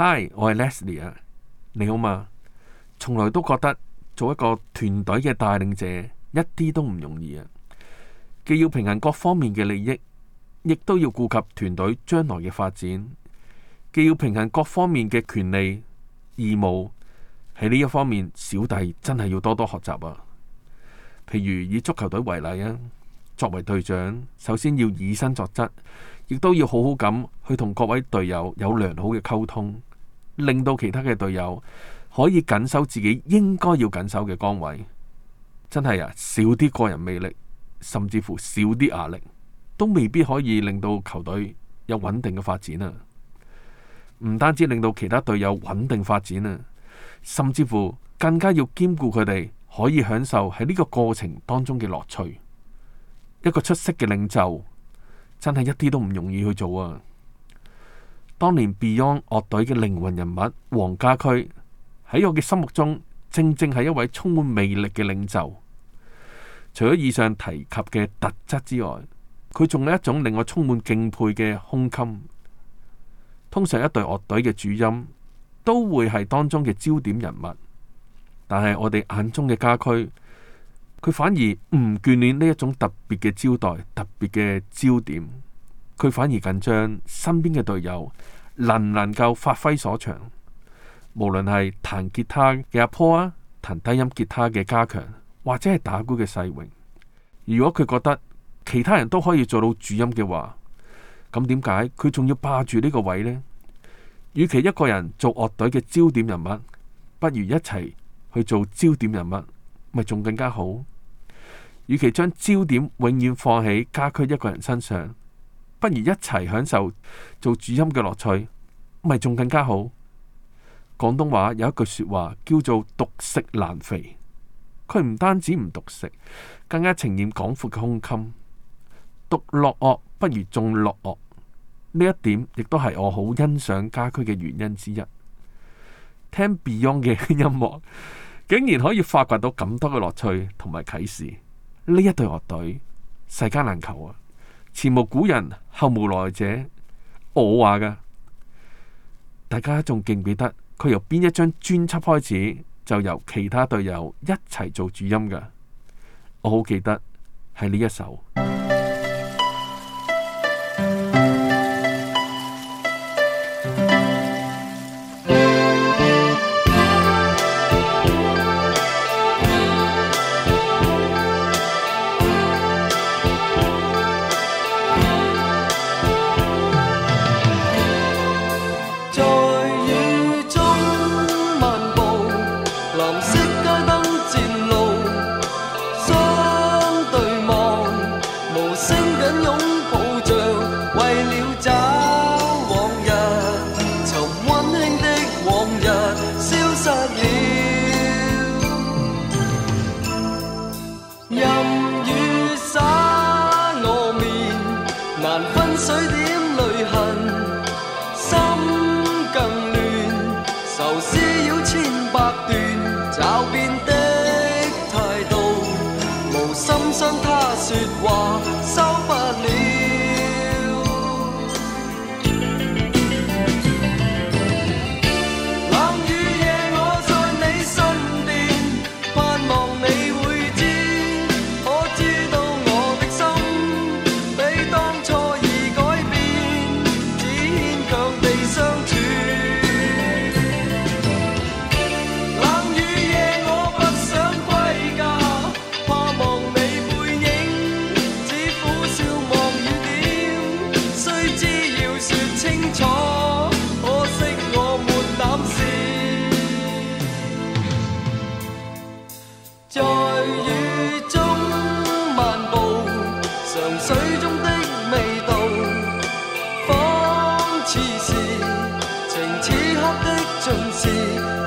Hi，我係 Leslie 啊。你好嘛？從來都覺得做一個團隊嘅帶領者一啲都唔容易啊。既要平衡各方面嘅利益，亦都要顧及團隊將來嘅發展；既要平衡各方面嘅權利、義務，喺呢一方面，小弟真係要多多學習啊。譬如以足球隊為例啊，作為隊長，首先要以身作則，亦都要好好咁去同各位隊友有良好嘅溝通。令到其他嘅隊友可以緊守自己應該要緊守嘅崗位，真係啊，少啲個人魅力，甚至乎少啲壓力，都未必可以令到球隊有穩定嘅發展啊！唔單止令到其他隊友穩定發展啊，甚至乎更加要兼顧佢哋可以享受喺呢個過程當中嘅樂趣。一個出色嘅領袖，真係一啲都唔容易去做啊！當年 Beyond 樂隊嘅靈魂人物黃家駒喺我嘅心目中，正正係一位充滿魅力嘅領袖。除咗以上提及嘅特質之外，佢仲有一種令我充滿敬佩嘅胸襟。通常一隊樂隊嘅主音都會係當中嘅焦點人物，但係我哋眼中嘅家駒，佢反而唔眷戀呢一種特別嘅招待、特別嘅焦點。佢反而緊張，身邊嘅隊友能唔能夠發揮所長？無論係彈吉他嘅阿 Paul、啊，彈低音吉他嘅家強，或者係打鼓嘅世榮。如果佢覺得其他人都可以做到主音嘅話，咁點解佢仲要霸住呢個位呢？與其一個人做樂隊嘅焦點人物，不如一齊去做焦點人物，咪仲更加好？與其將焦點永遠放喺家駒一個人身上。不如一齊享受做主音嘅樂趣，咪仲更加好。廣東話有一句說話叫做“獨食難肥”，佢唔單止唔獨食，更加呈現廣闊嘅胸襟。獨樂樂不如眾樂樂，呢一點亦都係我好欣賞家駒嘅原因之一。聽 Beyond 嘅音樂，竟然可以發掘到咁多嘅樂趣同埋啟示，呢一隊樂隊世間難求啊！前無古人，後無來者，我話噶，大家仲記唔記得佢由邊一張專輯開始，就由其他隊友一齊做主音噶？我好記得係呢一首。變的態度，無心傷他說話。 雨中漫步，嘗水中的味道，仿似是情此刻的盡時。